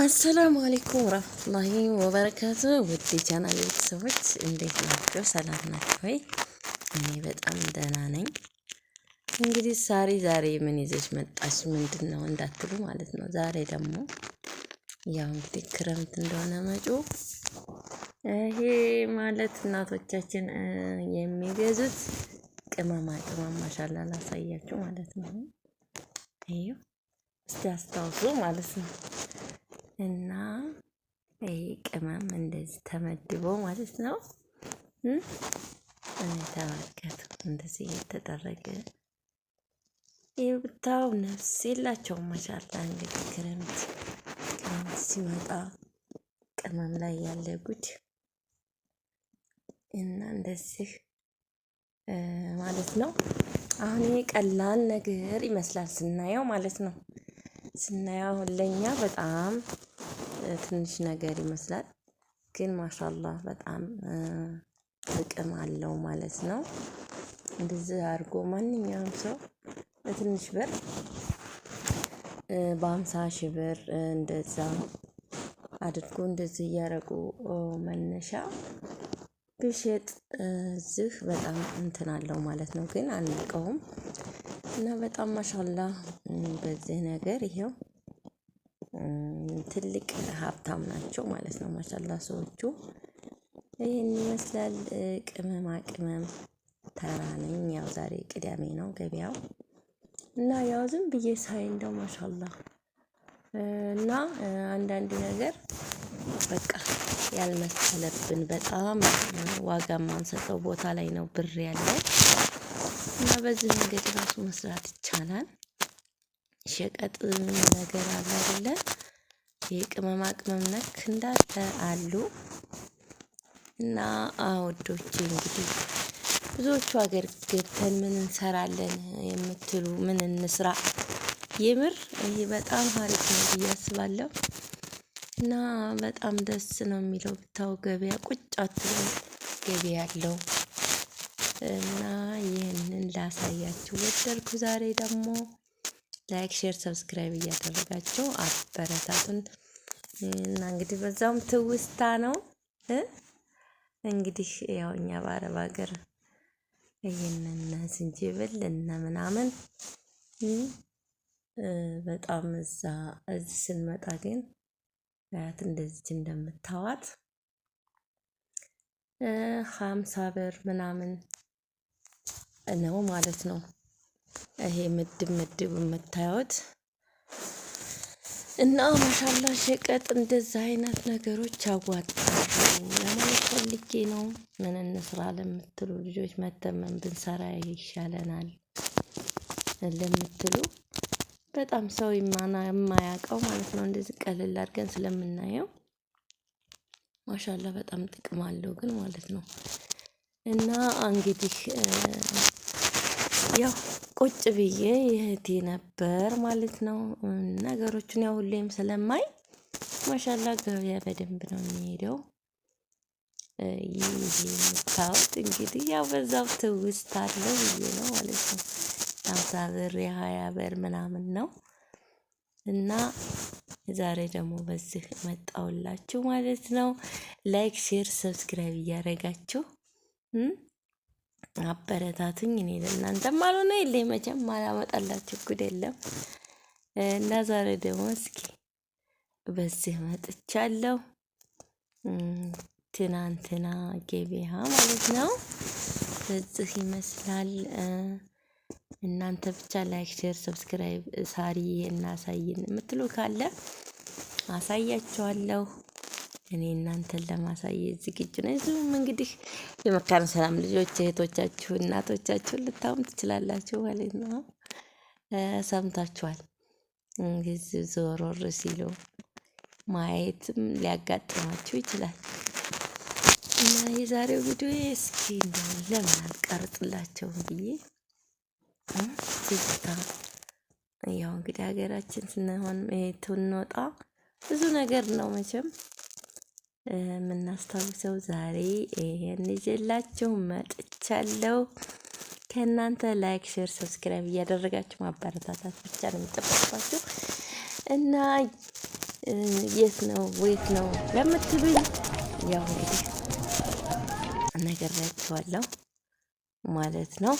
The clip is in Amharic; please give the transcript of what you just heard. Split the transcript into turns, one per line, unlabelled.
አሰላሙ አሌይኩም ወረህመቱላሂ ወበረካቱ። ውድ ቻናል ቤተሰቦች እንዴት ናቸው? ሰላም ናቸው ወይ? እኔ በጣም ደህና ነኝ። እንግዲህ ሳሪ ዛሬ ምን ይዘሽ መጣች ምንድን ነው እንዳትሉ ማለት ነው። ዛሬ ደግሞ ያው እንግዲህ ክረምት እንደሆነ መጪ ይሄ ማለት እናቶቻችን የሚገዙት ቅመማ ቅመም ማሻላ ላሳያችሁ ማለት ነው። ይኸው እስቲ አስታውሱ ማለት ነው እና ይሄ ቅመም እንደዚህ ተመድቦ ማለት ነው። ተመልከቱ፣ እንደዚህ እየተደረገ የብታው ነፍስ የላቸውም። ማሻላ እንግዲህ ክረምት ክረምት ሲመጣ ቅመም ላይ ያለ ጉድ እና እንደዚህ ማለት ነው። አሁን ይሄ ቀላል ነገር ይመስላል ስናየው ማለት ነው። ስናየው አሁን ለእኛ በጣም ትንሽ ነገር ይመስላል፣ ግን ማሻላህ በጣም ጥቅም አለው ማለት ነው። እንደዚህ አድርጎ ማንኛውም ሰው በትንሽ ብር በአምሳ ሺህ ብር እንደዛ አድርጎ እንደዚህ እያደረጉ መነሻ ብሸጥ እዚህ በጣም እንትን አለው ማለት ነው። ግን አንቀውም እና በጣም ማሻላ በዚህ ነገር ይሄው ትልቅ ሀብታም ናቸው ማለት ነው። ማሻላ ሰዎቹ ይህን ይመስላል። ቅመማ ቅመም ተራ ነኝ። ያው ዛሬ ቅዳሜ ነው ገበያው እና ያው ዝም ብዬ ሳይ እንደው ማሻላ እና አንዳንድ ነገር በቃ ያልመሰለብን በጣም ዋጋ ማንሰጠው ቦታ ላይ ነው ብር ያለው እና በዚህ መንገድ ራሱ መስራት ይቻላል። ሸቀጥ ነገር አለ አይደለ? የቅመማ ቅመም ነክ እንዳለ አሉ እና አወዶቼ እንግዲህ ብዙዎቹ ሀገር ገብተን ምን እንሰራለን የምትሉ ምን እንስራ፣ የምር ይሄ በጣም ሀሪፍ ነው ብዬ አስባለሁ። እና በጣም ደስ ነው የሚለው ብታው ገበያ ቁጭ አትበል ገበያ አለው። እና ይህንን ላሳያችሁ ወደድኩ። ዛሬ ደግሞ ላይክ፣ ሼር፣ ሰብስክራይብ እያደረጋችሁ አበረታቱን እና እንግዲህ በዛውም ትውስታ ነው። እንግዲህ ያው እኛ በአረብ ሀገር ይህንን ዝንጅብል እና ምናምን በጣም እዛ እዚህ ስንመጣ ግን ያት እንደዚች እንደምታዋት ሀምሳ ብር ምናምን ነው ማለት ነው። ይሄ ምድብ ምድብ የምታዩት እና ማሻላ ሸቀጥ እንደዛ አይነት ነገሮች ያዋጣሉ ለማለት ፈልጌ ነው። ምን እንስራ ለምትሉ ልጆች መተመን ብንሰራ ይሻለናል ለምትሉ በጣም ሰው የማያውቀው ማለት ነው። እንደዚህ ቀለል አድርገን ስለምናየው ማሻላ በጣም ጥቅም አለው ግን ማለት ነው። እና እንግዲህ ያው ቁጭ ብዬ ይህቴ ነበር ማለት ነው። ነገሮችን ያው ሁሌም ስለማይ ማሻላ ገበያ በደንብ ነው የሚሄደው። ይህ የምታዩት እንግዲህ ያው በዛው ትውስት አለ ብዬ ነው ማለት ነው። የሀምሳ ብር የሃያ ብር ምናምን ነው። እና ዛሬ ደግሞ በዚህ መጣውላችሁ ማለት ነው። ላይክ ሼር ሰብስክራይብ እያደረጋችሁ አበረታትኝ። እኔ ለእናንተም አልሆነ የለ መቼም አላመጣላችሁ ጉድ የለም እና ዛሬ ደግሞ እስኪ በዚህ መጥቻለሁ። ትናንትና ገበያ ማለት ነው በዚህ ይመስላል። እናንተ ብቻ ላይክ፣ ሼር፣ ሰብስክራይብ ሳሪ እናሳይን የምትሉ ካለ አሳያችኋለሁ። እኔ እናንተን ለማሳየት ዝግጁ ነው። እዚሁም እንግዲህ የመካነ ሰላም ልጆች እህቶቻችሁ፣ እናቶቻችሁን ልታውም ትችላላችሁ ማለት ነው። ሰምታችኋል። እንግዲህ ዞሮር ሲሉ ማየትም ሊያጋጥማችሁ ይችላል እና የዛሬው ቪዲዮ እስኪ እንደው ለምን አልቀርጥላቸው ብዬ ስታ ያው እንግዲህ ሀገራችን ስንሆን ትንወጣ ብዙ ነገር ነው መቼም የምናስታውሰው ዛሬ ይሄን ይዤላችሁ መጥቻለሁ። ከእናንተ ላይክ፣ ሼር፣ ሰብስክራይብ እያደረጋችሁ ማበረታታት ብቻ ነው የሚጠበቅባችሁ እና የት ነው ወይት ነው ለምትሉኝ ያው እንግዲህ እነግራችኋለሁ ማለት ነው።